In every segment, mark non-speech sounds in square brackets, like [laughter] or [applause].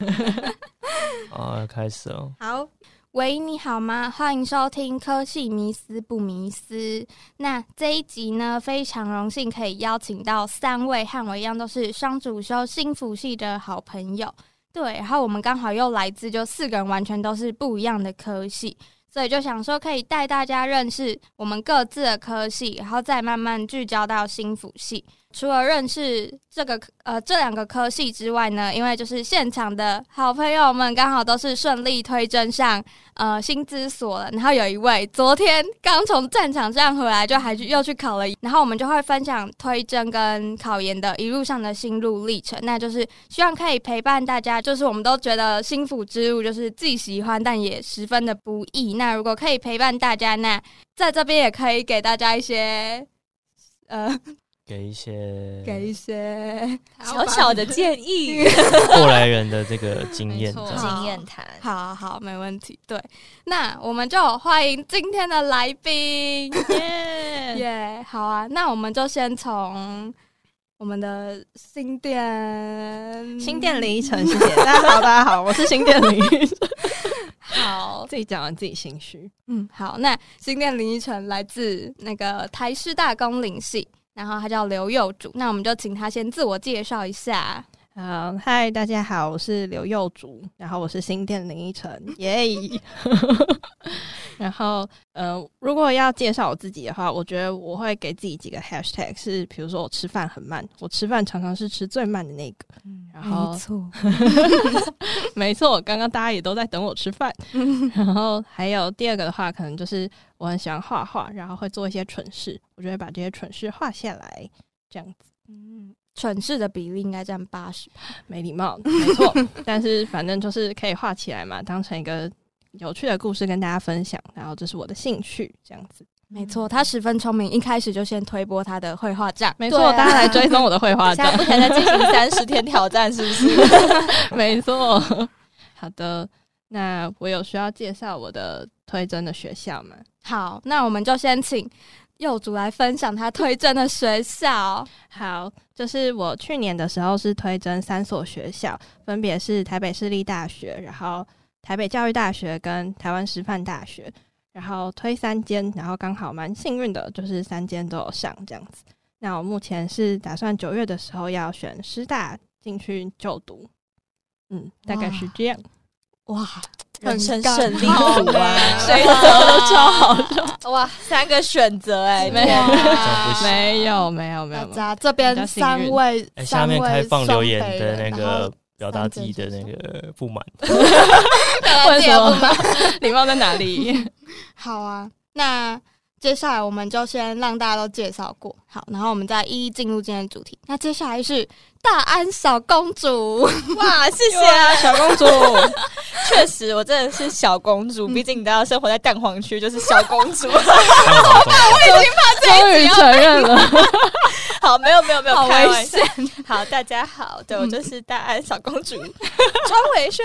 哈，要好， [laughs] oh, 開始哦。好，喂，你好嗎？歡迎收聽科系迷思不迷失。那這一集呢，非常榮幸可以邀請到三位和我一樣都是雙主修心輔系的好朋友。對，然後我們剛好又來自，就四個人完全都是不一樣的科系，所以就想說可以帶大家認識我們各自的科系，然後再慢慢聚焦到心輔系。除了認識這個呃這兩個科系之外呢，因為就是現場的好朋友們剛好都是順利推甄上呃心諮所了，然後有一位昨天剛從戰場上回來，就還去又去考了，然後我們就會分享推甄跟考研的一路上的心路歷程，那就是希望可以陪伴大家，就是我們都覺得心輔之路就是自己喜歡但也十分的不易，那如果可以陪伴大家呢，那在這邊也可以給大家一些呃。給一些給一些小小的建議，班 [laughs] 過來人的這個經驗，好經驗談，好好，沒問題。對，那我們就歡迎今天的來賓，耶耶，好啊，那我們就先從我們的新店新店林依晨，謝謝 [laughs] 大家好，大家好，我是新店林依晨， [laughs] 好，自己講完自己心虛，嗯，好，那新店林依晨來自那個台師大公領系。然後他叫劉佑主，那我們就請他先自我介紹一下。h 嗨，大家好，我是劉佑主，然後我是新店的林依晨，耶 [laughs] Yeah。 [laughs] 然後，呃，如果要介紹我自己的話，我覺得我會給自己幾個 hashtag，是比如說我吃飯很慢，我吃飯常常是吃最慢的那個。嗯、然後，沒錯， [laughs] 沒錯，剛剛大家也都在等我吃飯。嗯、然後還有第二個的話，可能就是我很喜歡畫畫，然後會做一些蠢事，我就會把這些蠢事畫下來，這樣子。嗯，蠢事的比例應該佔八十吧？沒禮貌，沒錯。 [laughs] 但是反正就是可以畫起來嘛，當成一個。有趣的故事跟大家分享，然後這是我的興趣，這樣子沒錯。他十分聰明，一開始就先推播他的繪畫展，沒錯錯。啊、大家來追蹤我的繪畫展，現在進行三十天挑戰， [laughs] 是不是？ [laughs] 沒錯。好的，那我有需要介紹我的推甄的學校嗎？好，那我們就先請幼主來分享他推甄的學校。好，就是我去年的時候是推甄三所學校，分別是台北市立大學，然後。台北教育大學跟台灣師範大學，然後推三間，然後剛好蠻幸運的，就是三間都有上這樣子。那我目前是打算九月的時候要選師大進去就讀，嗯，大概是這樣。哇，很成功，哇，選擇都超好的，哇，三個選擇哎，沒有，沒有，沒有，沒有，這邊三位，下面開放留言的那個。表達自己的那個不滿，為什麼 [laughs] 你不滿？禮貌在哪裡？好啊，那接下來我們就先讓大家都介紹過，好，然後我們再一一進入今天的主題。那接下來是大安小公主，哇，謝謝啊！對小公主，確 [laughs] 實，我真的是小公主，嗯、畢竟你都要生活在蛋黃區，就是小公主，好吧， [laughs] 我已經終於承認了。 [laughs] 好，沒有沒有沒有，開玩笑。好，大家好，對、嗯、我就是大安小公主莊 [laughs] 偉軒。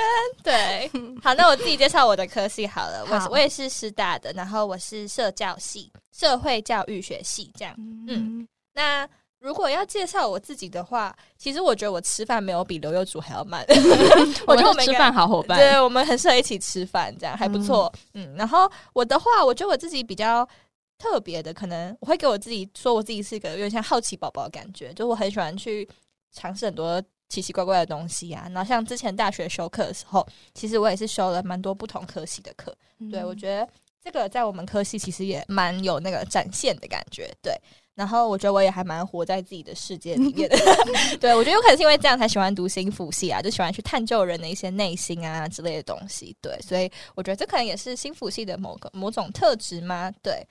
對，好，那我自己介紹我的科系好了。我好我也是師大的，然後我是社教系，社會教育學系這樣。嗯、嗯，那如果要介紹我自己的話，其實我覺得我吃飯沒有比劉友祖還要慢。 [laughs] 我覺得我們吃飯好夥伴， [laughs] 對，我們很適合一起吃飯，這樣還不錯。嗯、嗯，然後我的話，我覺得我自己比較。特別的，可能我會給我自己說，我自己是一個有點像好奇寶寶的感覺，就我很喜歡去嘗試很多奇奇怪怪的東西啊。然後像之前大學修課的時候，其實我也是修了蠻多不同科系的課。嗯、對，我覺得這個在我們科系其實也蠻有那個展現的感覺。對，然後我覺得我也還蠻活在自己的世界裡面的。 [laughs] 對，我覺得有可能是因為這樣才喜歡讀心輔系啊，就喜歡去探究人的一些內心啊之類的東西。對，所以我覺得這可能也是心輔系的某個某種特質嗎？對。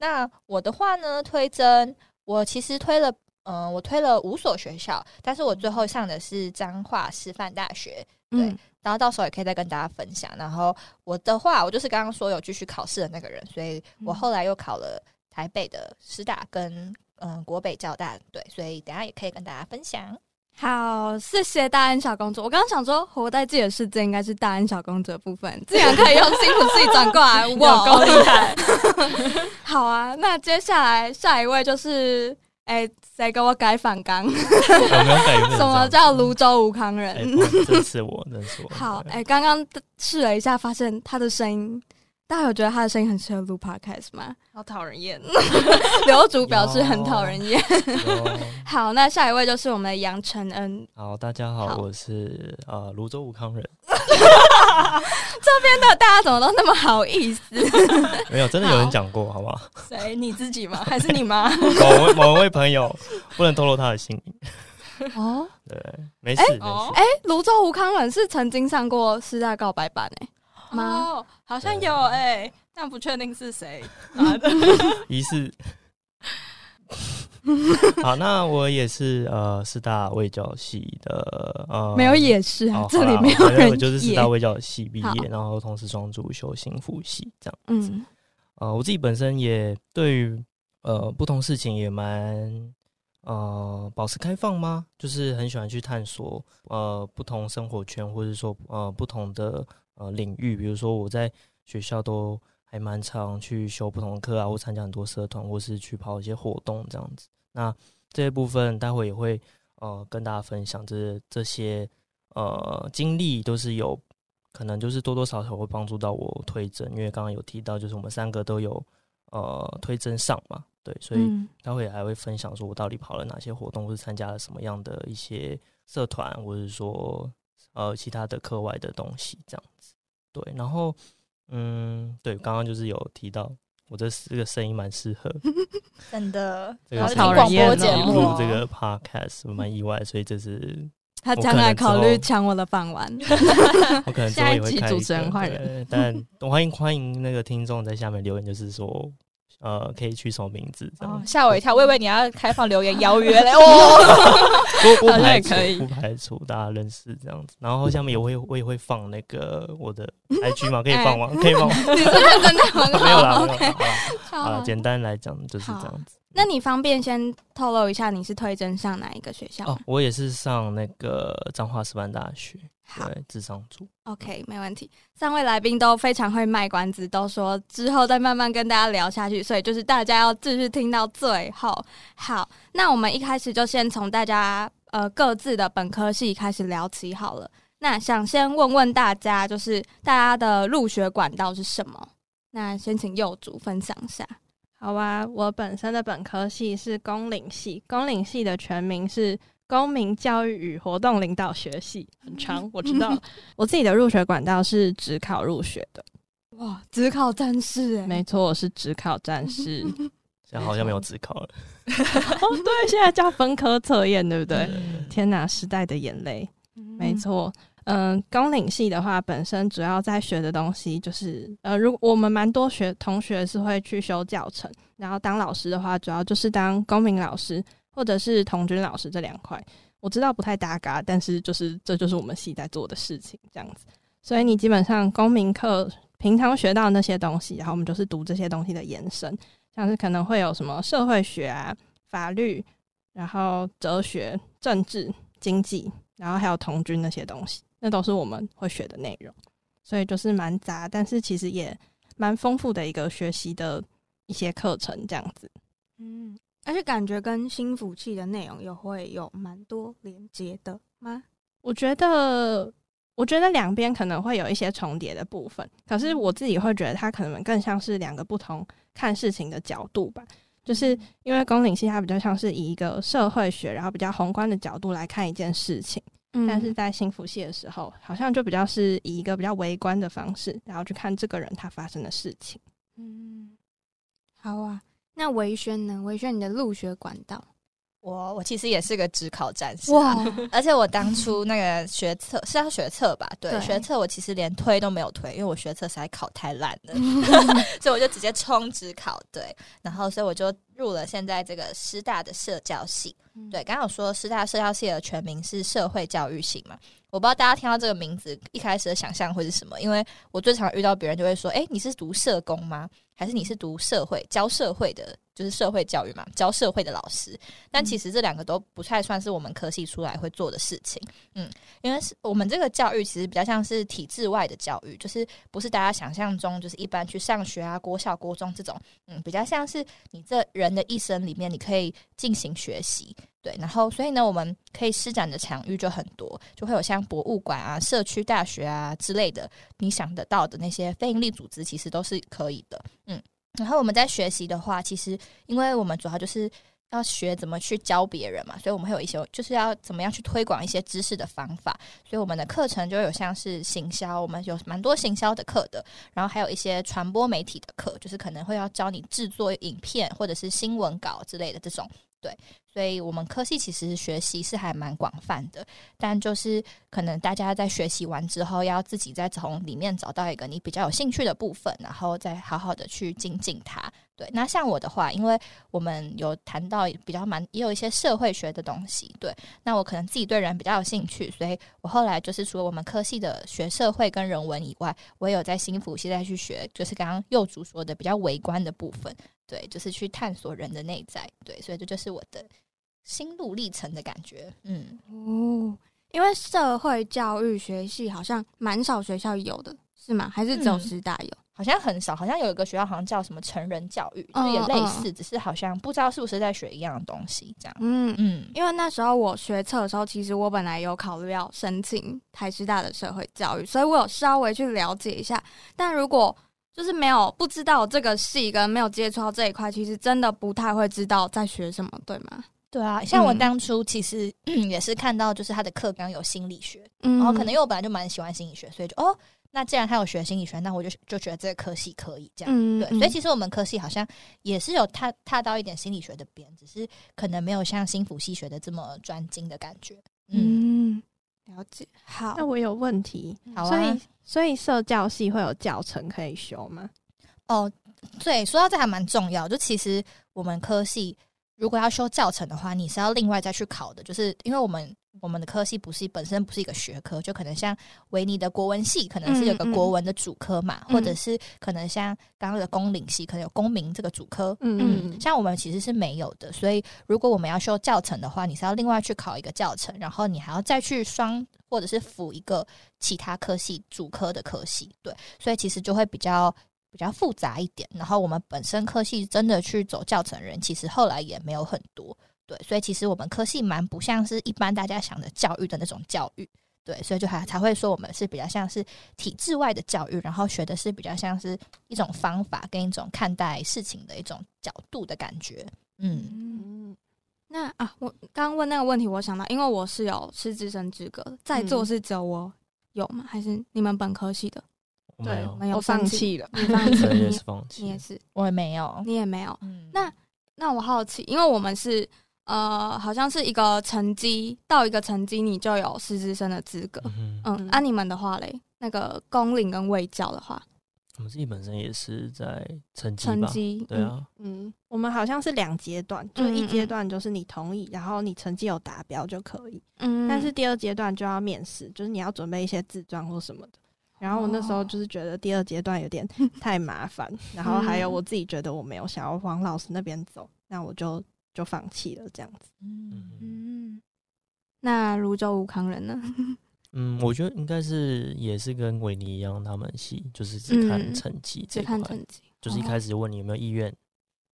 那我的話呢，推甄我其實推了，嗯、呃，我推了五所學校，但是我最後上的是彰化師範大學，對，嗯、然後到時候也可以再跟大家分享。然後我的話，我就是剛剛說有繼續考試的那個人，所以我後來又考了台北的師大跟嗯、呃、國北教大，對，所以等下也可以跟大家分享。好，謝謝大安小公主。我剛剛想說，活在自己的世界應該是大安小公主的部分，竟然可以用辛苦自己轉過來，有夠厲害！ [laughs] 好啊，那接下來下一位就是，哎、欸，誰給我改反剛？ [laughs] 什麼叫蘆洲武康人？這次我，這次我。 [laughs] 好，哎、欸，剛剛試了一下，發現他的聲音。大家有覺得他的聲音很適合錄 podcast 嗎？好討人厭，劉主表示很討人厭。好，那下一位就是我們的楊承恩。好，大家好，我是啊，蘆洲吳慷仁。這邊的大家怎麼都那麼好意思？沒有，真的有人講過，好不好？誰？你自己嗎？還是你媽？某某位朋友，不能透露他的姓名。哦，對，沒事沒事。哎，蘆洲吳慷仁是曾經上過《師大告白版》哎。哦，好像有誒、欸，對但不確定是誰。疑似。好，那我也是呃，師大衛教系的呃，沒有也是，這裡沒有人，就是師大衛教系畢業，然後同時雙主修心輔系這樣子。嗯、呃，我自己本身也對於呃不同事情也蠻呃保持開放嘛，就是很喜歡去探索呃不同生活圈，或者說呃不同的。呃，領域，比如說我在學校都還蠻常去修不同的課啊，或參加很多社團，或是去跑一些活動這樣子。那這一部分待會也會呃跟大家分享這，這這些呃經歷都是有可能就是多多少少會幫助到我推甄，因為剛剛有提到就是我們三個都有呃推甄上嘛，對，所以待會也還會分享說我到底跑了哪些活動，或是參加了什麼樣的一些社團，或是說。呃，其他的課外的東西這樣子，對，然後，嗯，對，剛剛就是有提到我這這個聲音蠻適合， [laughs] 真的，這個廣播節目，哦，這個 podcast 我蠻意外，所以這，就是他將來考慮搶我的飯碗， [laughs] 我可能下一期主持人換人，但我歡迎歡迎那個聽眾在下面留言，就是說。呃，可以取什麼名字這樣？嚇我一跳，我以為你要開放留言邀約嘞。我我覺不排除大家認識這樣子。然後下面也會我也會放那個我的 IG 嘛，可以放嗎？可以放嗎？你是真的沒有啦 OK，好，啊，簡單來講就是這樣子。那你方便先透露一下，你是推甄上哪一個學校？哦，我也是上那個彰化師範大學。好對，智商組。OK，沒問題。三位來賓都非常會賣關子，都說之後再慢慢跟大家聊下去，所以就是大家要繼續聽到最後。好，那我們一開始就先從大家呃各自的本科系開始聊起好了。那想先問問大家，就是大家的入學管道是什麼？那先請右主分享一下。好吧、啊，我本身的本科系是公領系，公領系的全名是公民教育與活動領導學系，很長，我知道。嗯、我自己的入學管道，是指考入學的，哇，指考戰士哎、欸，沒錯，我是指考戰士，然後好像沒有指考了、 [laughs] 哦，對，現在叫分科測驗，對不對？嗯、天哪，時代的眼淚，嗯、沒錯。嗯、呃，公領系的話，本身主要在學的東西就是，呃，如果我們蠻多學同學是會去修教程，然後當老師的話，主要就是當公民老師或者是童軍老師這兩塊。我知道不太搭嘎，但是就是這就是我們系在做的事情這樣子。所以你基本上公民課平常學到那些東西，然後我們就是讀這些東西的延伸，像是可能會有什麼社會學啊、法律，然後哲學、政治、經濟，然後還有童軍那些東西。那都是我們會學的內容，所以就是蠻雜，但是其實也蠻豐富的一個學習的一些課程這樣子。嗯，而且感覺跟心輔系的內容又會有蠻多連接的嗎？我覺得，我覺得兩邊可能會有一些重疊的部分。可是我自己會覺得，它可能更像是兩個不同看事情的角度吧。就是因為公領系它比較像是以一個社會學，然後比較宏觀的角度來看一件事情。但是在心輔系的時候，嗯、好像就比較是以一個比較微觀的方式，然後去看這個人他發生的事情。嗯，好啊，那維軒呢？維軒，你的入學管道？我我其實也是個指考戰士，哇，而且我當初那個學測是要學測吧？對，對學測我其實連推都沒有推，因為我學測實在考太爛了， [laughs] [laughs] 所以我就直接衝指考。對，然後所以我就入了現在這個師大的社教系。嗯、對，剛剛有說師大社教系的全名是社會教育系嘛。我不知道大家聽到這個名字一開始的想象會是什麼？因為我最常遇到別人就會說：“哎、欸，你是讀社工嗎？還是你是讀社會教社會的？”就是社會教育嘛，教社會的老師。但其實這兩個都不太算是我們科系出來會做的事情。嗯，因為是我們這個教育其實比較像是體制外的教育，就是不是大家想象中就是一般去上學啊、國校、國中這種。嗯，比較像是你這人的一生裡面，你可以進行學習。對，然後所以呢，我們可以施展的場域就很多，就會有像博物館啊、社區大學啊之類的，你想得到的那些非營利組織，其實都是可以的。嗯。然後我們在學習的話，其實因為我們主要就是要學怎麼去教別人嘛，所以我們會有一些就是要怎麼樣去推廣一些知識的方法。所以我們的課程就有像是行銷，我們有蠻多行銷的課的，然後還有一些傳播媒體的課，就是可能會要教你製作影片或者是新聞稿之類的這種，對。所以我們科系其實學習是還蠻廣泛的，但就是可能大家在學習完之後，要自己再從裡面找到一個你比較有興趣的部分，然後再好好的去精進它。對，那像我的話，因為我們有談到比較蠻也有一些社會學的東西，對，那我可能自己對人比較有興趣，所以我後來就是除了我們科系的學社會跟人文以外，我也有在心輔系再去學，就是剛剛幼主說的比較微觀的部分，對，就是去探索人的內在，對，所以這就是我的。心路歷程的感覺，嗯哦，因為社會教育學系好像蠻少學校有的，是嗎？還是只有師大有，嗯？好像很少，好像有一個學校好像叫什麼成人教育，就是，也類似，嗯、只是好像不知道是不是在學一樣的東西，這樣。嗯嗯，嗯因為那時候我學測的時候，其實我本來有考慮要申請台師大的社會教育，所以我有稍微去了解一下。但如果就是沒有不知道這個系，跟沒有接觸到這一塊，其實真的不太會知道在學什麼，對嗎？對啊，像我當初其實、嗯、也是看到，就是他的課綱有心理學，嗯、然後可能因為我本來就蠻喜歡心理學，所以就哦，那既然他有學心理學，那我就就覺得這個科系可以這樣。嗯、對，所以其實我們科系好像也是有踏踏到一點心理學的邊，只是可能沒有像心輔系學的這麼專精的感覺。嗯，嗯，了解。好，那我有問題。好啊。所以，所以社教系會有教程可以修嗎？哦，對，說到這還蠻重要。就其實我們科系。如果要修教程的話，你是要另外再去考的，就是因為我們我們的科系不是本身不是一個學科，就可能像維尼的國文系，可能是有個國文的主科嘛，嗯嗯或者是可能像剛剛的公領系，可能有公民這個主科，嗯，嗯，像我們其實是沒有的，所以如果我們要修教程的話，你是要另外去考一個教程，然後你還要再去雙或者是輔一個其他科系主科的科系，對，所以其實就會比較。比較複雜一點，然後我們本身科系真的去走教程人，其實後來也沒有很多，對，所以其實我們科系蠻不像是一般大家想的教育的那種教育，對，所以就還才會說我們是比較像是體制外的教育，然後學的是比較像是一種方法跟一種看待事情的一種角度的感覺，嗯，嗯那啊，我剛剛問那個問題，我想到，因為我是有師資生資格，在座是只有我，嗯、有嗎？還是你們本科系的？對，沒有放棄了，你放棄，你你也是，我也沒有，你也沒有。那那我好奇，因為我們是呃，好像是一個成績到一個成績，你就有師資生的資格。嗯，按你們的話嘞，那個公領跟衛教的話，我們自己本身也是在成績，成績對啊，嗯，我們好像是兩階段，就一階段就是你同意，然後你成績有達標就可以，嗯，但是第二階段就要面試，就是你要準備一些自傳或什麼的。然後我那時候就是覺得第二階段有點太麻煩，哦、 [laughs] 然後還有我自己覺得我沒有想要往老師那邊走，嗯、那我就就放棄了這樣子。嗯，那瀘州吳康人呢？嗯，我覺得應該是也是跟維尼一樣，他們系就是只看成績這一塊、嗯，只看成績，就是一開始問你有沒有意願，哦、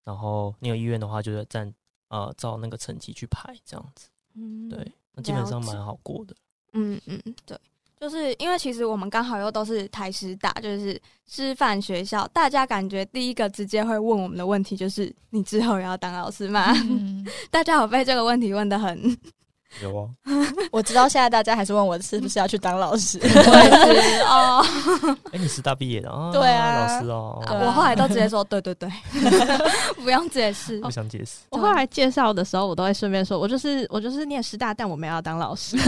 然後你有意願的話，就是站，呃照那個成績去排這樣子。嗯，對，那基本上蠻好過的。嗯嗯，對。就是因為其實我們剛好又都是台師大，就是師範學校，大家感覺第一個直接會問我們的問題就是：你之後也要當老師嗎？嗯、大家好被這個問題問的很有啊、哦！ [laughs] 我知道現在大家還是問我是不是要去當老師。 [laughs] [laughs] 哎，你師大畢業的哦？對啊，老師哦。我後來都直接說，對對對，不用解釋，不想解釋。我後來介紹的時候，我都會順便說，我就是我就是念師大，但我沒有要當老師，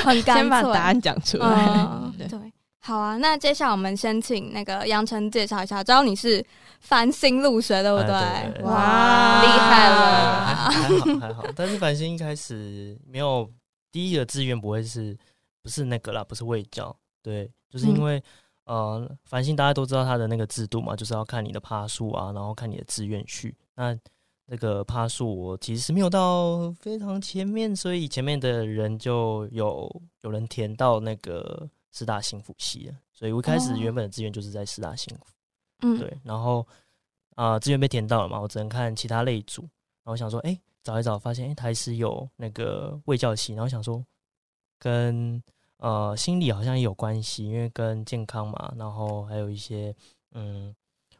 很乾脆。先把答案講出來。對，好啊。那接下來我們先請那個楊晨介紹一下，知道你是繁星入學，對不對？哇，厲害了。還好還好，但是繁星一開始沒有第一個志願，不會是不是那個啦？不是衛教，對，就是因為。呃，繁星大家都知道它的那個制度嘛，就是要看你的趴數啊，然後看你的志願序。那那個趴數我其實是沒有到非常前面，所以前面的人就有有人填到那個四大幸福系了。所以我一開始原本的志願就是在四大幸福，哦、嗯，對。然後啊、呃，志願被填到了嘛，我只能看其他類組。然後我想說，哎、欸，找一找，發現哎、欸，台師有那個衛教系，然後我想說跟。呃，心理好像也有關係，因為跟健康嘛，然後還有一些嗯，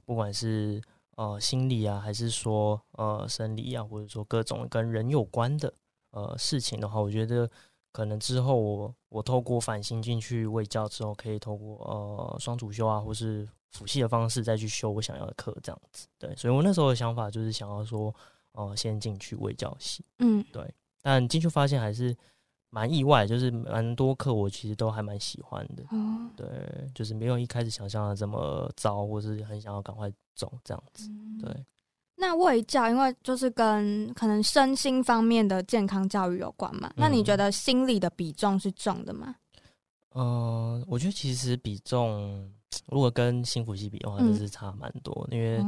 不管是呃心理啊，還是說呃生理啊，或者說各種跟人有關的呃事情的話，我覺得可能之後我我透過繁星進去衛教之後，可以透過呃雙主修啊，或是輔系的方式再去修我想要的課，這樣子對。所以我那時候的想法就是想要說，呃，先進去衛教系，嗯，對。但進去發現還是。蠻意外，就是蠻多課，我其實都還蠻喜歡的。嗯、哦，對，就是沒有一開始想象的這麼糟，或是很想要趕快走這樣子。嗯、對，那衛教，因為就是跟可能身心方面的健康教育有關嘛，嗯、那你覺得心理的比重是重的嗎？嗯、呃，我覺得其實比重如果跟心輔系比的話，就是差蠻多，嗯、因為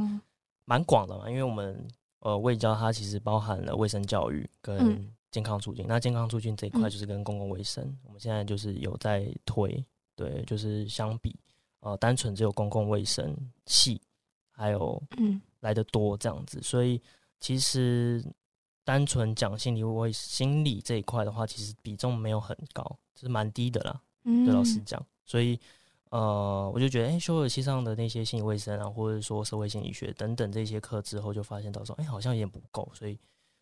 蠻廣的嘛。因為我們呃，衛教它其實包含了衛生教育跟、嗯。健康促進，那健康促進這一塊就是跟公共衛生，嗯、我們現在就是有在推，對，就是相比，呃，單純只有公共衛生系，還有嗯來得多這樣子，所以其實單純講心理衛心理這一塊的話，其實比重沒有很高，就是蠻低的啦。嗯、對老實講，所以呃，我就覺得，哎、欸，修了系上的那些心理衛生啊，或者說社會心理學等等這些課之後，就發現到時候，哎、欸，好像有點不夠，所以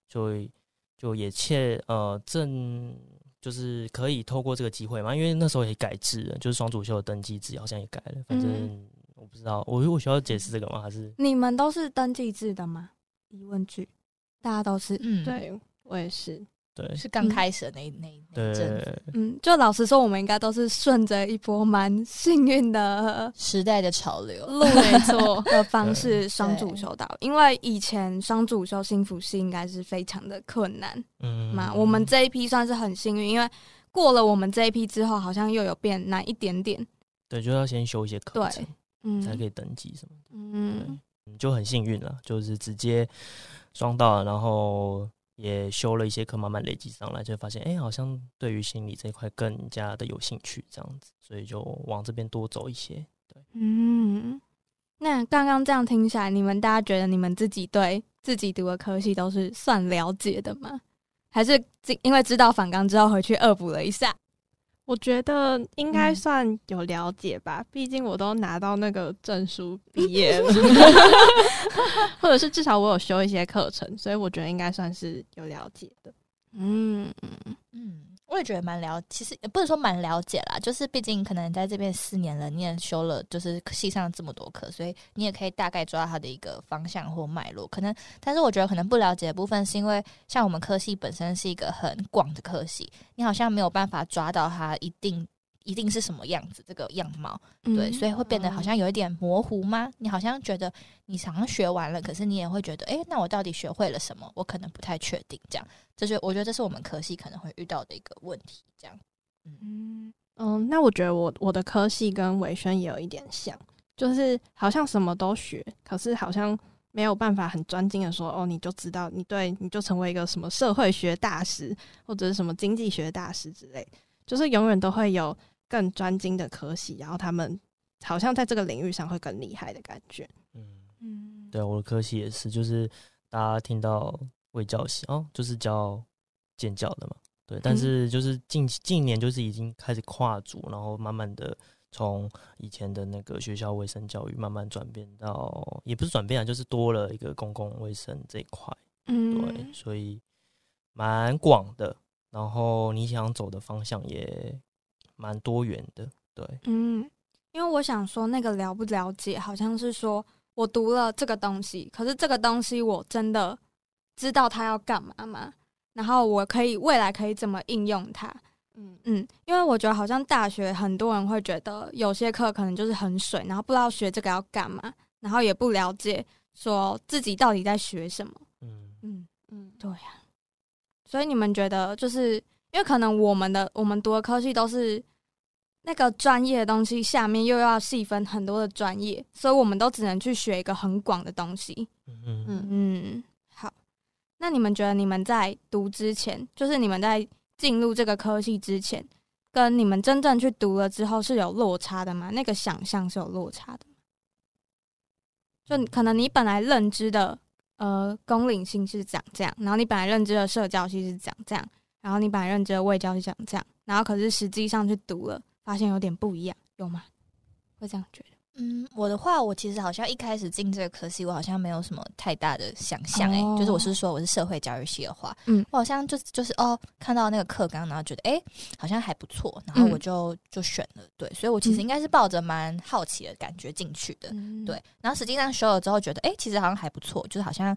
就會。就也切呃，正就是可以透過這個機會嘛，因為那時候也改制了，就是雙主修的登記制好像也改了，反正我不知道，嗯、我我需要解釋這個嗎？還是你們都是登記制的嗎？疑問句，大家都是，嗯，對我也是。對，是剛開始的那一、嗯、那一那陣，對嗯，就老實說，我們應該都是順着一波蠻幸運的時代的潮流，路人做的方式雙主修到，對因為以前雙主修心輔系應該是非常的困難，嗯嘛，嗯我們這一批算是很幸運，因為過了我們這一批之後，好像又有變難一點點，對，就要先修一些課程，嗯對，才可以登記什麼的，嗯，就很幸運了，就是直接雙到了，然後。也修了一些課，慢慢累積上來，就發現哎、欸，好像對於心理這一塊更加的有興趣，這樣子，所以就往這邊多走一些。對，嗯，那剛剛這樣聽起來，你們大家覺得你們自己對自己讀的科系都是算了解的嗎？還是因為知道訪綱之後回去惡補了一下？我覺得應該算有了解吧，畢、嗯、竟我都拿到那個證書畢業了， [laughs] [laughs] 或者是至少我有修一些課程，所以我覺得應該算是有了解的。嗯嗯。嗯我也覺得蠻了，其實也不是說蠻了解啦，就是畢竟可能在這邊四年了，你也修了就是系上了這麼多課，所以你也可以大概抓到它的一個方向或脈絡。可能，但是我覺得可能不了解的部分，是因為像我們科系本身是一個很廣的科系，你好像沒有辦法抓到它一定。一定是什麼樣子？這個樣貌，對，嗯、所以會變得好像有一點模糊嗎？嗯、你好像覺得你好像學完了，嗯、可是你也會覺得，誒、欸，那我到底學會了什麼？我可能不太確定。這樣，這、就是我覺得這是我們科系可能會遇到的一個問題。這樣，嗯嗯，那我覺得我我的科系跟偉軒也有一點像，就是好像什麼都學，可是好像沒有辦法很專精的說，哦，你就知道，你對，你就成為一個什麼社會學大師或者是什麼經濟學大師之類，就是永遠都會有。更專精的科系，然後他們好像在這個領域上會更厲害的感覺。嗯，對，我的科系也是，就是大家聽到衛教系哦，就是教健教的嘛。對，但是就是近、嗯、近年就是已經開始跨足，然後慢慢的從以前的那個學校衛生教育慢慢轉變到，也不是轉變啊，就是多了一個公共衛生這一塊。嗯，對，所以蠻廣的。然後你想走的方向也。蠻多元的，對，嗯，因為我想說，那個了不了解，好像是說我讀了這個東西，可是這個東西我真的知道它要幹嘛嗎？然後我可以未來可以怎麼應用它？嗯嗯，因為我覺得好像大學很多人會覺得有些課可能就是很水，然後不知道學這個要幹嘛，然後也不了解說自己到底在學什麼。嗯嗯嗯，對呀、啊，所以你們覺得就是？因為可能我們的我們讀的科系都是那個專業的東西，下面又要細分很多的專業，所以我們都只能去學一個很廣的東西。嗯嗯嗯，好。那你們覺得你們在讀之前，就是你們在進入這個科系之前，跟你們真正去讀了之後是有落差的嗎？那個想象是有落差的。就可能你本來認知的呃公領系是長這樣，然後你本來認知的社教系是長這樣。然後你把認知的外交去講這樣，然後可是實際上去讀了，發現有點不一樣，有嗎？會這樣覺得？嗯，我的話，我其實好像一開始進這個科系，我好像沒有什麼太大的想象、哦、誒，就是我是說我是社會教育系的話，嗯，我好像就就是哦，看到那個課綱，然後覺得哎，好像還不錯，然後我就、嗯、就選了，對，所以我其實應該是抱着蠻好奇的感覺進去的，嗯、對，然後實際上學了之後，覺得哎，其實好像還不錯，就是好像。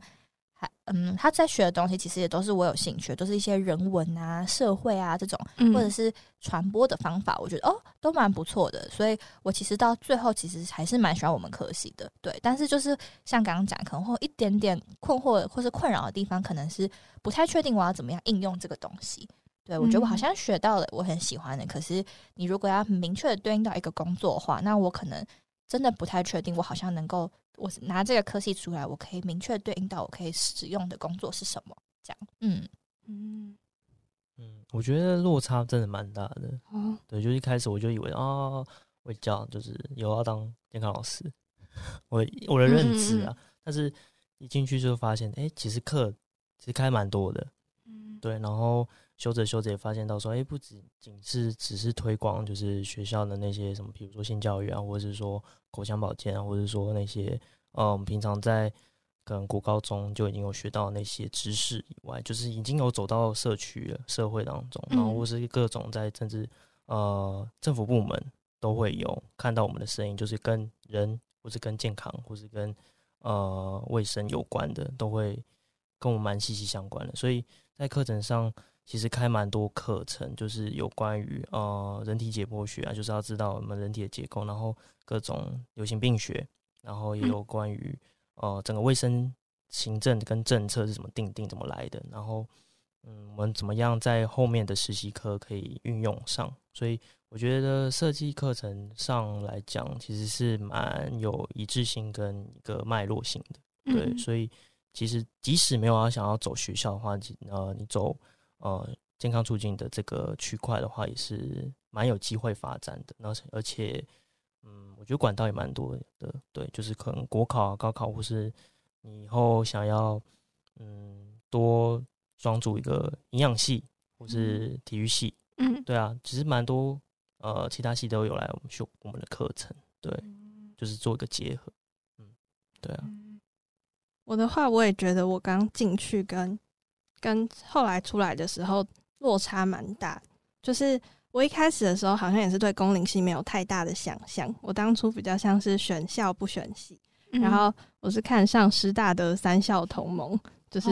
嗯，他在學的東西其實也都是我有興趣，都、就是一些人文啊、社會啊這種，或者是傳播的方法。嗯、我覺得哦，都蠻不錯的。所以我其實到最後其實還是蠻喜歡我們科系的，對。但是就是像剛剛講，可能會有一點點困惑或是困擾的地方，可能是不太確定我要怎麼樣應用這個東西。對，我覺得我好像學到了我很喜歡的，嗯、可是你如果要明確的對應到一個工作的話，那我可能真的不太確定，我好像能夠。我拿這個科系出來，我可以明確對應到我可以使用的工作是什麼？這樣，嗯嗯嗯，我覺得落差真的蠻大的。哦，對，就一開始我就以為啊，哦，衛教就是有要當健康老師，我我的認知啊。嗯哼，但是一進去就發現，哎、欸，其實課其實開蠻多的，嗯，對，然後。修着修着也發現到說，哎、欸，不僅僅是只是推廣，就是學校的那些什麼，比如說性教育啊，或者是說口腔保健啊，或者是說那些，嗯，我們平常在可能國高中就已經有學到那些知識以外，就是已經有走到社區、社會當中，然後或是各種在政治呃政府部門都會有看到我們的聲音，就是跟人或是跟健康或是跟呃衛生有關的，都會跟我們蠻息息相關的，所以在課程上。其實開蠻多課程，就是有關於呃人體解剖學啊，就是要知道我們人體的結構，然後各種流行病學，然後也有關於、嗯、呃整個衛生行政跟政策是怎麼定定怎麼來的，然後嗯我們怎麼樣在後面的實習課可以運用上，所以我覺得設計課程上來講，其實是蠻有一致性跟一個脈絡性的，對，嗯、所以其實即使沒有要想要走學校的話，呃你走。呃，健康促進的這個區塊的話，也是蠻有機會發展的。那而且，嗯，我覺得管道也蠻多的，對，就是可能國考、啊、高考，或是你以後想要，嗯，多雙主修一個營養系，或是體育系，嗯，對啊，其實蠻多，呃，其他系都有來修我，我們的課程，對，嗯、就是做一個結合，嗯，對啊。我的話，我也覺得我剛進去跟。跟後來出來的時候落差蠻大，就是我一開始的時候好像也是對公領系沒有太大的想象。我當初比較像是選校不選系，嗯、然後我是看上師大的三校同盟，就是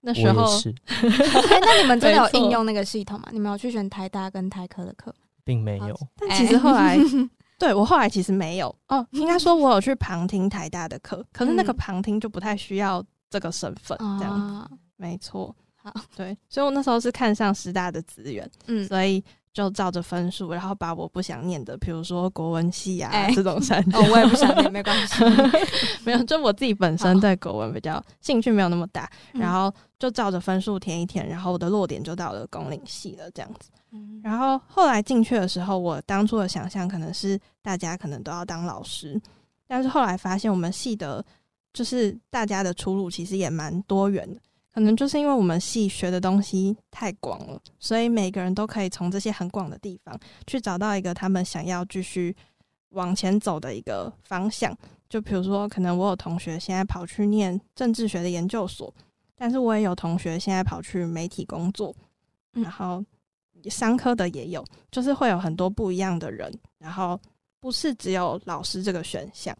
那時候、欸。那你們真的有應用那個系統嗎？錯你們有去選台大跟台科的課，並沒有、哦。但其實後來，欸、對我後來其實沒有哦，應該說我有去旁聽台大的課，可是那個旁聽就不太需要這個身份、嗯、這樣。沒錯，好對，所以我那時候是看上師大的資源，嗯，所以就照着分數，然後把我不想念的，比如說國文系啊、欸、這種山哦，我也不想念，沒關係， [laughs] [laughs] 沒有。就我自己本身對國文比較興趣沒有那麼大，好然後就照着分數填一填，然後我的落點就到了工齡系了，這樣子。嗯、然後後來進去的時候，我當初的想象可能是大家可能都要當老師，但是後來發現我們系的，就是大家的出路其實也蠻多元的。可能就是因為我們系學的東西太廣了，所以每個人都可以從這些很廣的地方去找到一個他們想要繼續往前走的一個方向。就比如說，可能我有同學現在跑去念政治學的研究所，但是我也有同學現在跑去媒體工作，然後商科的也有，就是會有很多不一樣的人，然後不是只有老師這個選項。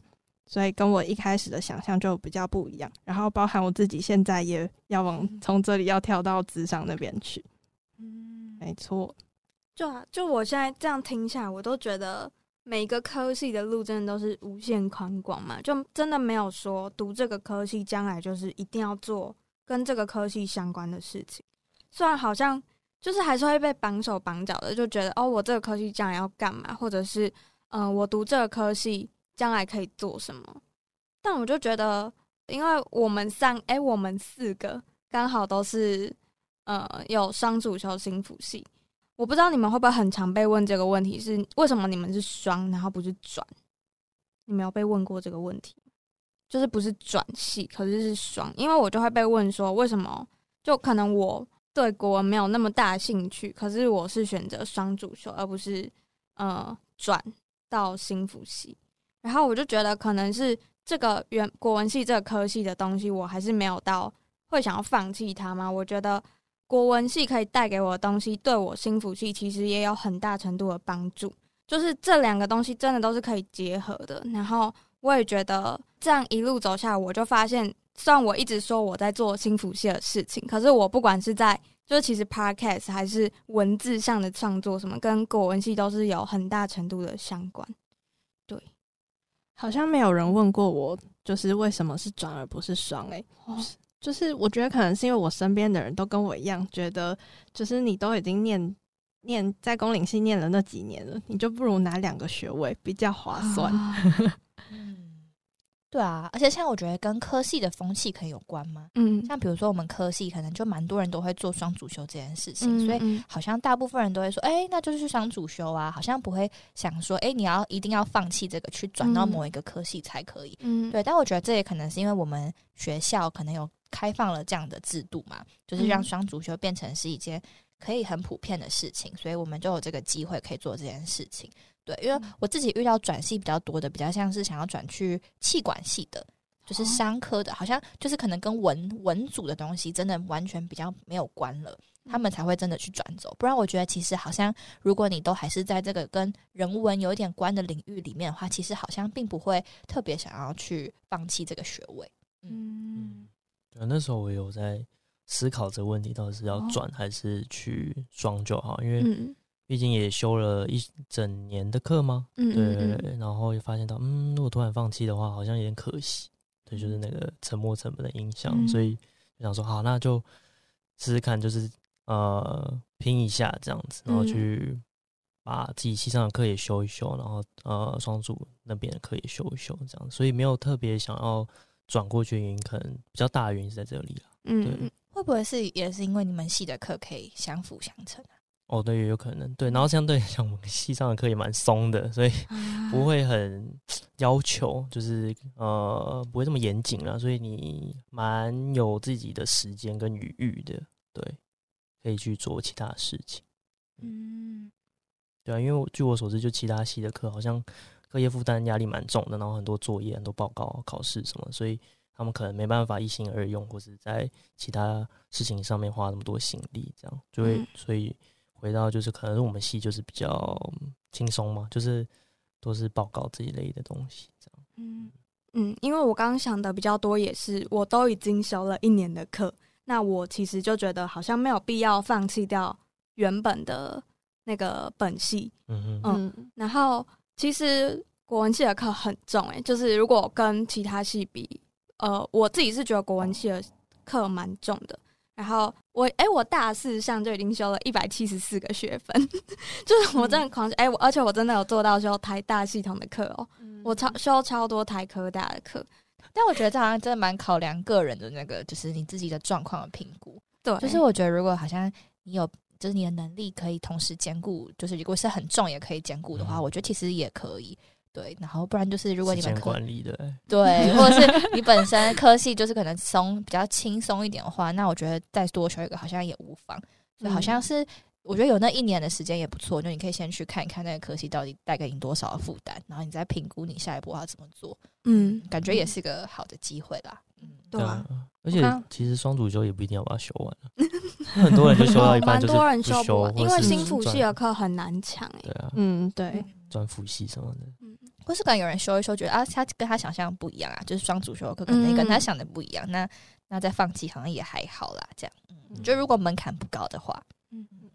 所以跟我一開始的想象就比較不一樣，然後包含我自己現在也要往從這裡要跳到諮商那邊去。嗯，沒錯。就、啊、就我現在這樣聽下來，我都覺得每一個科系的路真的都是無限寬廣嘛，就真的沒有說讀這個科系將來就是一定要做跟這個科系相關的事情。雖然好像就是還是會被綁手綁腳的，就覺得哦，我這個科系將來要幹嘛？或者是嗯、呃，我讀這個科系。將來可以做什麼？但我就覺得，因為我們三誒、欸，我們四個剛好都是，呃，有雙主修心輔系。我不知道你們會不會很常被問這個問題是：是為什麼你們是雙，然後不是轉？你沒有被問過這個問題？就是不是轉系，可是是雙。因為我就會被問說，為什麼就可能我對國文沒有那麼大興趣，可是我是選擇雙主修，而不是呃轉到心輔系。然後我就覺得，可能是這個原國文系這個科系的東西，我還是沒有到會想要放棄它嗎？我覺得國文系可以帶給我的東西，對我心輔系其實也有很大程度的幫助。就是這兩個東西真的都是可以結合的。然後我也覺得，這樣一路走下來，我就發現，雖然我一直說我在做心輔系的事情，可是我不管是在就是其實 podcast 還是文字上的創作什麼，跟國文系都是有很大程度的相關。好像沒有人問過我，就是為什麼是轉而不是雙，哎、欸哦，就是，就是我覺得可能是因為我身邊的人都跟我一樣，覺得就是你都已經念念在公領系，念了那幾年了，你就不如拿兩個學位比較划算。啊 [laughs] 對啊，而且像我覺得跟科系的風氣可以有關嘛。嗯，像比如說我們科系，可能就蠻多人都會做雙主修這件事情，嗯嗯，所以好像大部分人都會說，哎、欸，那就是雙主修啊，好像不會想說，哎、欸，你要一定要放棄這個去轉到某一個科系才可以。嗯，對。但我覺得這也可能是因為我們學校可能有開放了這樣的制度嘛，就是讓雙主修變成是一件可以很普遍的事情，所以我們就有這個機會可以做這件事情。對，因為我自己遇到轉系比較多的，比較像是想要轉去企管系的，就是商科的，哦、好像就是可能跟文文組的東西真的完全比較沒有關了，嗯、他們才會真的去轉走。不然，我覺得其實好像如果你都還是在這個跟人文有一點關的領域裡面的話，其實好像並不會特別想要去放棄這個學位。嗯，嗯啊、那時候我有在思考這個問題，到底是要轉還是去雙就好，哦、因為、嗯。畢竟也修了一整年的課嘛？對。嗯嗯嗯，然後又發現到，嗯，如果突然放棄的話，好像有點可惜。對，就是那個沉沒成本的影響。嗯、所以想說，好，那就試試看，就是呃，拼一下這樣子，然後去把自己系上的課也修一修，然後呃，雙主那邊的課也修一修，這樣子。所以沒有特別想要轉過去，原因可能比較大的原因是在這裡了。對嗯，會不會是也是因為你們系的課可以相輔相成？哦，oh, 對，也有可能對。然後相對來講像我們系上的課也蠻鬆的，所以不會很要求，就是呃，不會這麼嚴謹啦。所以你蠻有自己的時間跟餘裕的，對，可以去做其他的事情。嗯，對啊，因為據我所知，就其他系的課好像課業負擔壓力蠻重的，然後很多作業、很多報告、考試什麼，所以他們可能沒辦法一心二用，或是在其他事情上面花那麼多心力，這樣就會、嗯、所以。回到就是，可能我們系就是比較輕鬆嘛，就是都是報告這一類的東西，這樣。嗯嗯，因為我剛剛想的比較多，也是我都已經修了一年的課，那我其實就覺得好像沒有必要放棄掉原本的那個本系。嗯哼嗯。然後其實國文系的課很重、欸，哎，就是如果跟其他系比，呃，我自己是覺得國文系的課蠻重的。然後我哎，我大四上就已經修了一百七十四個學分， [laughs] 就是我真的很狂修、嗯、我而且我真的有做到修台大系統的課哦，嗯、我超修超多台科大的課，但我覺得這好像真的蠻考量個人的那個，就是你自己的狀況的評估。對，就是我覺得如果好像你有就是你的能力可以同時兼顧，就是如果是很重也可以兼顧的話，我覺得其實也可以。對，然後不然就是，如果你們管理的、欸，對，或者是你本身科系就是可能鬆 [laughs] 比較輕鬆一點的話，那我覺得再多修一個好像也無妨。所以好像是我覺得有那一年的時間也不錯，就你可以先去看一看那個科系到底帶給你多少的負擔，然後你再評估你下一步要怎麼做。嗯，感覺也是個好的機會啦。對啊，而且其實雙主修也不一定要把它修完、啊、 [laughs] [laughs] 很多人就修到一就修，多人修完，因為心輔系的課很難搶、欸。對、啊、嗯，對。嗯複習什麼的，嗯，或是可能有人說一說，覺得啊，他跟他想象不一樣啊，就是雙主修跟跟他想的不一樣，嗯、那那再放棄好像也還好啦，這樣。嗯、就如果門檻不高的話，嗯嗯、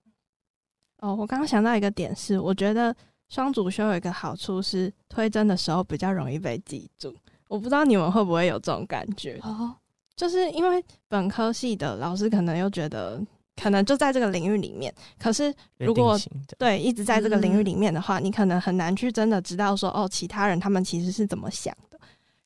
哦，我剛剛想到一個點是，我覺得雙主修有一個好處是，推甄的時候比較容易被記住。我不知道你們會不會有這種感覺、哦、就是因為本科系的老師可能又覺得。可能就在這個領域裡面，可是如果對一直在這個領域裡面的話，嗯、你可能很難去真的知道說哦，其他人他們其實是怎麼想的。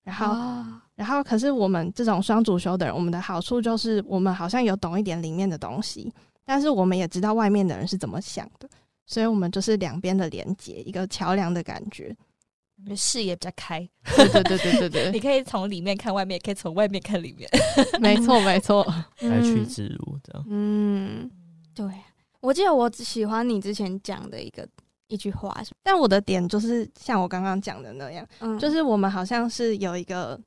然後，啊、然後可是我們這種雙主修的人，我們的好處就是我們好像有懂一點裡面的東西，但是我們也知道外面的人是怎麼想的，所以我們就是兩邊的連接，一個橋梁的感覺。視野比較開， [laughs] 對對對對對對， [laughs] 你可以從裡面看外面，也可以從外面看裡面， [laughs] 沒錯沒錯，來去自如這樣。嗯，對，我記得我只喜歡你之前講的一個一句話，但我的點就是像我剛剛講的那樣，嗯、就是我們好像是有一個，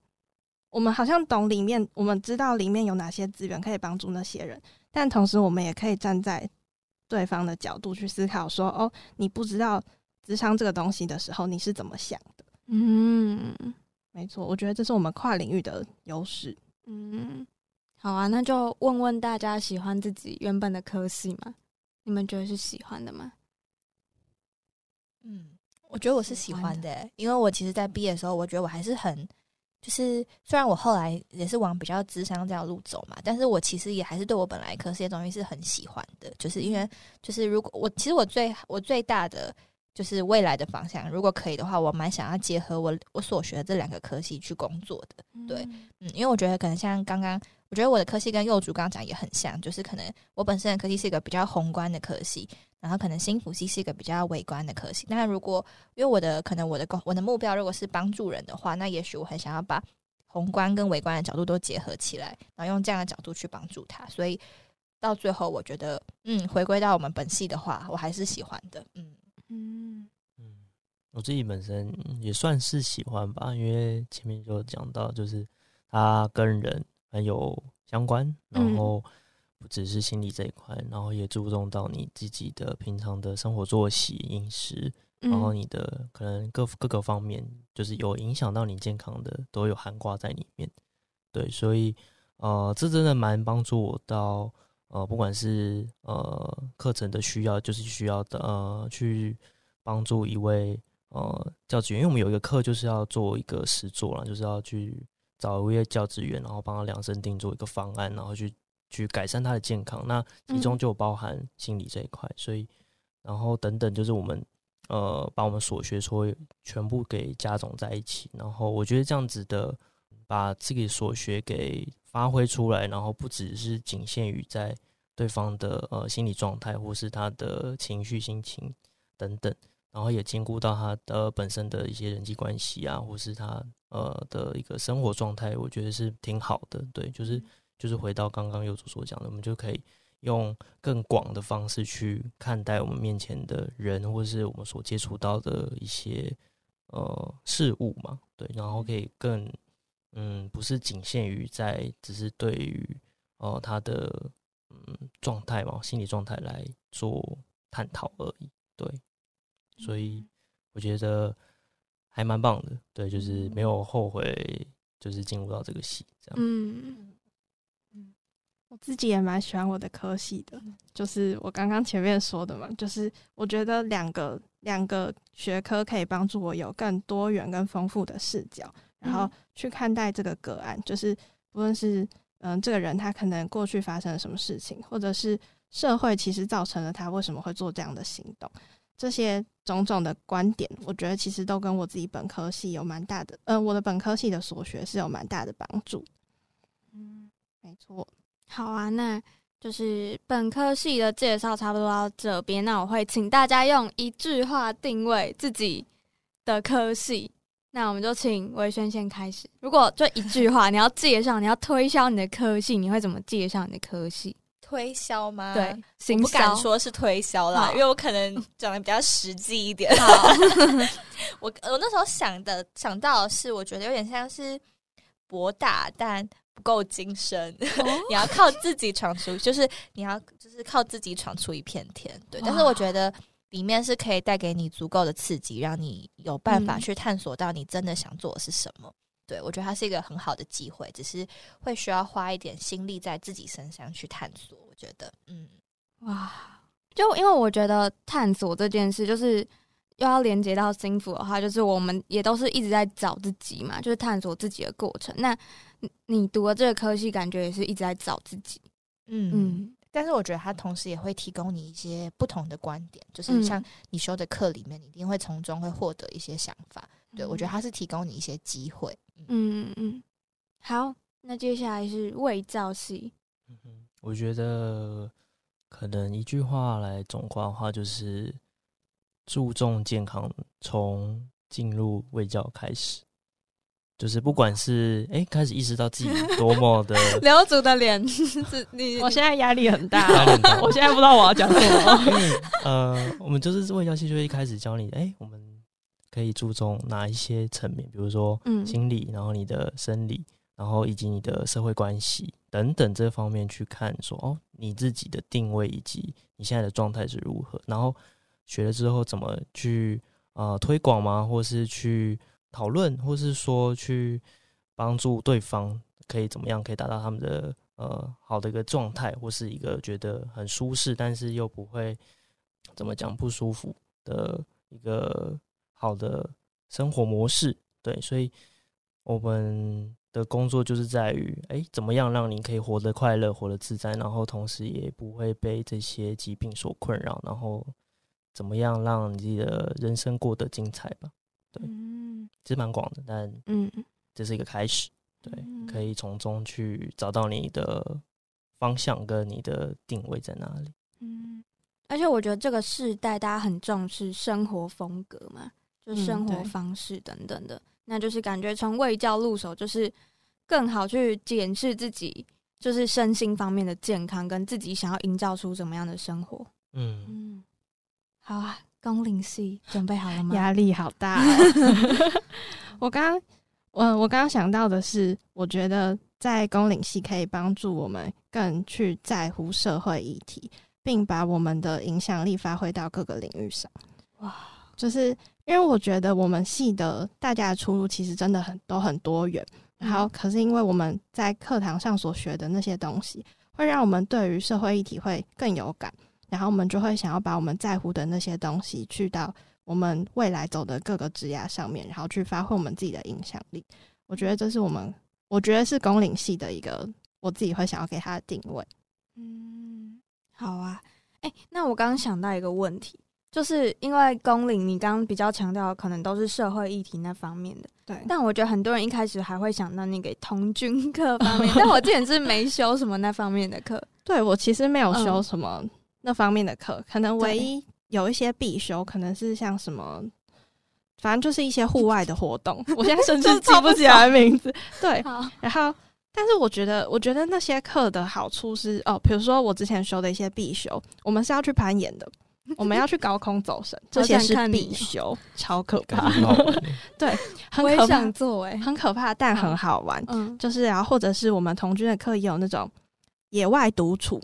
我們好像懂裡面，我們知道裡面有哪些資源可以幫助那些人，但同時我們也可以站在對方的角度去思考說，說哦，你不知道諮商這個東西的時候，你是怎麼想的？嗯，沒錯，我覺得這是我們跨領域的優勢。嗯，好啊，那就問問大家喜歡自己原本的科系嗎？你們覺得是喜歡的嗎？嗯，我覺得我是喜歡的，欸，喜歡的，因為我其實，在畢業的時候，我覺得我還是很，就是雖然我後來也是往比較諮商這條路走嘛，但是我其實也還是對我本來科系的東西是很喜歡的，就是因為，就是如果我其實我最我最大的。就是未來的方向，如果可以的話，我蠻想要結合我我所學的這兩個科系去工作的。對，嗯，嗯，因為我覺得可能像剛剛，我覺得我的科系跟幼主剛剛講也很像，就是可能我本身的科系是一個比較宏觀的科系，然後可能心輔系是一個比較微觀的科系。那如果因為我的可能我的我的目標如果是幫助人的話，那也許我很想要把宏觀跟微觀的角度都結合起來，然後用這樣的角度去幫助他。所以到最後，我覺得，嗯，回歸到我們本系的話，我還是喜歡的，嗯。嗯嗯，我自己本身也算是喜歡吧，因為前面就講到，就是它跟人很有相關，然後不只是心理這一塊，然後也注重到你自己的平常的生活作息、飲食，然後你的可能各各個方面，就是有影響到你健康的，都有涵蓋在裡面。對，所以呃，這真的蠻幫助我到。呃，不管是呃課程的需要，就是需要的呃去幫助一位呃教職員，因為我們有一個課就是要做一個實作啦，就是要去找一位教職員，然後幫他量身定做一個方案，然後去去改善他的健康。那其中就包含心理這一塊，所以然後等等，就是我們呃把我們所學所有全部給加總在一起，然後我覺得這樣子的。把自己所學給發揮出來，然後不只是僅限於在對方的呃心理狀態或是他的情緒心情等等，然後也兼顧到他的、呃、本身的一些人際關係啊，或是他的呃的一個生活狀態，我覺得是挺好的。對，就是就是回到剛剛右主所講的，我們就可以用更廣的方式去看待我們面前的人，或是我們所接觸到的一些呃事物嘛。對，然後可以更。嗯，不是僅限於在，只是對於哦、呃、他的嗯狀態嘛，心理狀態來做探討而已。對，所以我覺得還蠻棒的。對，就是沒有後悔，就是進入到這個系這樣。嗯，我自己也蠻喜歡我的科系的，就是我剛剛前面說的嘛，就是我覺得兩個兩個學科可以幫助我有更多元跟豐富的視角，然後去看待這個個案，嗯、就是不論是嗯，這個人他可能過去發生了什麼事情，或者是社會其實造成了他為什麼會做這樣的行動，這些種種的觀點，我覺得其實都跟我自己本科系有蠻大的，嗯、呃，我的本科系的所學是有蠻大的幫助。嗯，沒錯。好啊，那就是本科系的介紹差不多到這邊，那我會請大家用一句話定位自己的科系。那我們就請魏軒先開始。如果就一句話，你要介紹，你要推銷你的科系，你會怎麼介紹你的科系？推銷嗎？對，我不敢說是推銷啦，哦、因為我可能講的比較實際一點。哦、 [laughs] 我我那時候想的想到的是，我覺得有點像是博大但不夠精深，哦、 [laughs] 你要靠自己闖出，就是你要就是靠自己闖出一片天。對，哇但是我覺得。裡面是可以帶給你足夠的刺激，讓你有辦法去探索到你真的想做的是什麼。嗯、對，我覺得它是一個很好的機會，只是會需要花一點心力在自己身上去探索。我覺得，嗯，哇，就因為我覺得探索這件事，就是又要連接到幸福的話，就是我們也都是一直在找自己嘛，就是探索自己的過程。那你讀了這個科系，感覺也是一直在找自己，嗯。嗯但是我覺得他同時也會提供你一些不同的觀點，就是像你修的課裡面，你一定會從中會獲得一些想法。嗯、對，我覺得他是提供你一些機會。嗯嗯嗯，好，那接下來是味教系。嗯，我覺得可能一句話來總括的話，就是注重健康，從進入味教開始。就是不管是哎、欸，開始意識到自己有多麼的流主 [laughs] 的臉，是 [laughs] 你，我現在壓力很大、啊， [laughs] 很大 [laughs] 我現在不知道我要講什麼、 [laughs] 嗯。呃，我們就是衛教系就一開始教你，哎、欸，我們可以注重哪一些層面，比如說心理，然後你的生理，然後以及你的社會關係等等這方面去看說，說哦，你自己的定位以及你現在的狀態是如何。然後學了之後怎麼去啊、呃、推廣嘛，或是去。討論，或是說去幫助對方，可以怎麼樣，可以達到他們的呃，好的一個狀態，或是一個覺得很舒適，但是又不會怎麼講不舒服的一個好的生活模式。對，所以我們的工作就是在於，誒、欸，怎麼樣讓你可以活得快樂，活得自在，然後同時也不會被這些疾病所困擾，然後怎麼樣讓你自己的人生過得精彩吧？對。嗯其實蠻廣的，但嗯，這是一個開始，嗯、對，可以從中去找到你的方向跟你的定位在哪裡。嗯，而且我覺得這個世代大家很重視生活風格嘛，就生活方式等等的，嗯、那就是感覺從衛教入手，就是更好去檢視自己，就是身心方面的健康跟自己想要營造出怎麼樣的生活。嗯，嗯，好啊。公領系準備好了嗎？壓力好大哦 [laughs] [laughs] 我。我剛，嗯，我剛剛想到的是，我覺得在公領系可以幫助我們更去在乎社會議題，並把我們的影響力發揮到各個領域上。哇，就是因為我覺得我們系的大家的出路其實真的很都很多元。然後，可是因為我們在課堂上所學的那些東西，會讓我們對於社會議題會更有感。然後我們就會想要把我們在乎的那些東西，去到我們未來走的各個枝椏上面，然後去發揮我們自己的影響力。我覺得這是我們，我覺得是公領系的一個我自己會想要給他的定位。嗯，好啊，哎，那我剛剛想到一個問題，就是因為公領，你剛剛比較強調可能都是社會議題那方面的，對。但我覺得很多人一開始還會想到你給童軍課方面， [laughs] 但我之前是沒修什麼那方面的課。對我其實沒有修什麼。嗯。那方面的課可能唯一有一些必修，可能是像什麼，反正就是一些戶外的活動。 [laughs] 我現在甚至記不起來名字。 [laughs] 對，好然後，但是我覺得，我覺得那些課的好處是，哦，比如說我之前修的一些必修，我們是要去攀岩的，我們要去高空走繩， [laughs] 這些是必修，超可怕。 [laughs] 對，很我也想做誒、欸，很可怕，但很好玩。好，嗯，就是然後或者是我們童軍的課也有那種野外獨處，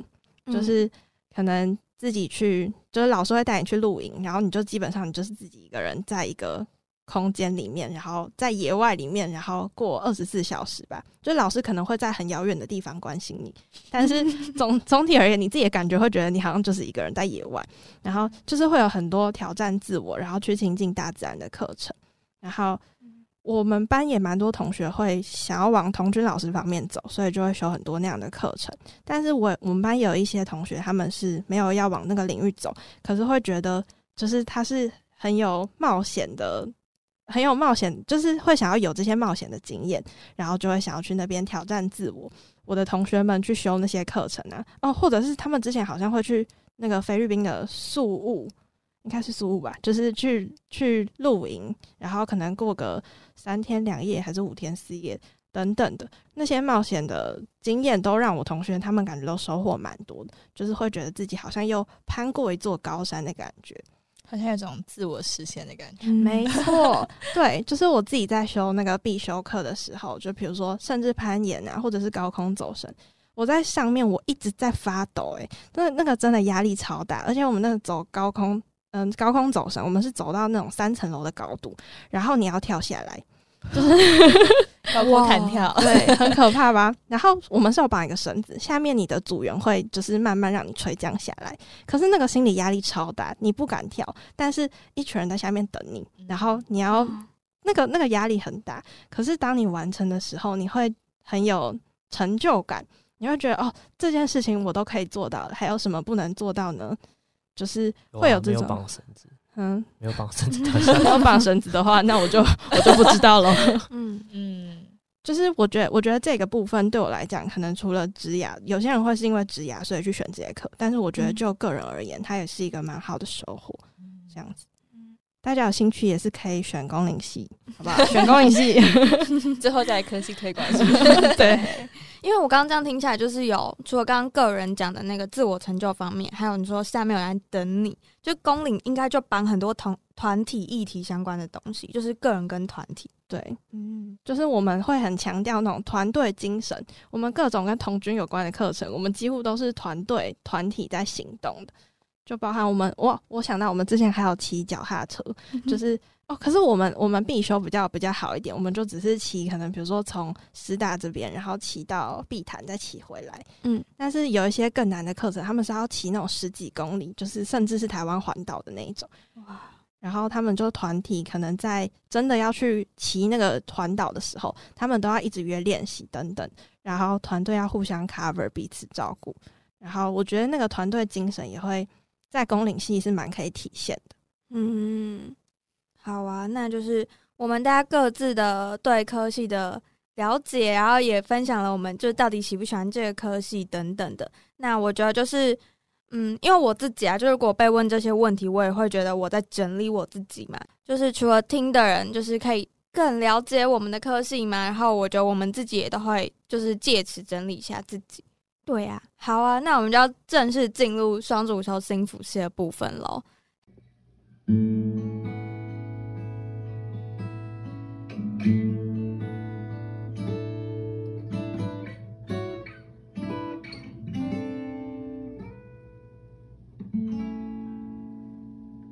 嗯、就是。可能自己去，就是老師會帶你去露營，然後你就基本上你就是自己一個人在一個空間裡面，然後在野外裡面，然後過二十四小時吧。就老師可能會在很遙遠的地方關心你，但是總總體 [laughs] 而言，你自己也感覺會覺得你好像就是一個人在野外，然後就是會有很多挑戰自我，然後去親近大自然的課程，然後。我們班也蠻多同學會想要往童軍老師方面走，所以就會修很多那樣的課程。但是我，我我們班有一些同學他們是沒有要往那個領域走，可是會覺得就是他是很有冒險的，很有冒險，就是會想要有這些冒險的經驗，然後就會想要去那邊挑戰自我。我的同學們去修那些課程呢、啊？哦，或者是他們之前好像會去那個菲律賓的宿霧，應該是宿霧吧，就是去去露營，然後可能過個。三天兩夜還是五天四夜等等的那些冒險的經驗，都讓我同學他們感覺都收穫蠻多的，就是會覺得自己好像又攀過一座高山的感覺，好像有種自我實現的感覺。嗯、沒錯， [laughs] 對，就是我自己在修那個必修課的時候，就比如說甚至攀岩啊，或者是高空走繩。我在上面我一直在發抖誒、欸，那那個真的壓力超大，而且我們那個走高空。嗯，高空走繩。我們是走到那種三層樓的高度，然後你要跳下來，就是、哦、 [laughs] 高空彈跳，對，很可怕吧？ [laughs] 然後我們是有綁一個繩子，下面你的組員會就是慢慢讓你垂降下來，可是那個心理壓力超大，你不敢跳，但是一群人在下面等你，嗯、然後你要、嗯、那個那個壓力很大，可是當你完成的時候，你會很有成就感，你會覺得哦，這件事情我都可以做到，還有什麼不能做到呢？就是會有這種，沒有綁繩子，嗯，沒有綁繩子，沒有綁繩子的話，那我就我就不知道了。嗯嗯，就是我覺得，我覺得這個部分對我來講，可能除了職涯，有些人會是因為職涯所以去選這節課，但是我覺得就個人而言，它也是一個蠻好的收穫。這樣子，大家有興趣也是可以選公領系，好不好？選公領系，最後再來科系推廣系，對。因為我剛剛這樣聽起來，就是有除了剛剛個人講的那個自我成就方面，還有你說下面有人等你，你就公領應該就綁很多同團體議題相關的東西，就是個人跟團體，對，嗯，就是我們會很強調那種團隊精神，我們各種跟童軍有關的課程，我們幾乎都是團隊團體在行動的，就包含我們哇，我想到我們之前還有騎腳踏車，就是。 [laughs] 哦，可是我們我們必修比較比較好一點，我們就只是騎，可能比如說從師大這邊，然後騎到碧潭，再騎回來。嗯，但是有一些更難的課程，他們是要騎那種十幾公里，就是甚至是台灣環島的那一種。哇！然後他們就團體，可能在真的要去騎那個環島的時候，他們都要一直約練習等等，然後團隊要互相 cover 彼此照顧。然後我覺得那個團隊精神也會在公領系是蠻可以體現的。嗯。好啊，那就是我們大家各自的對科系的了解，然後也分享了我們就到底喜不喜歡這個科系等等的。那我覺得就是，嗯，因為我自己啊，就如果被問這些問題，我也會覺得我在整理我自己嘛。就是除了聽的人，就是可以更了解我們的科系嘛。然後我覺得我們自己也都會就是借此整理一下自己。對呀、啊，好啊，那我們就要正式進入雙主修心輔系的部分嘍。嗯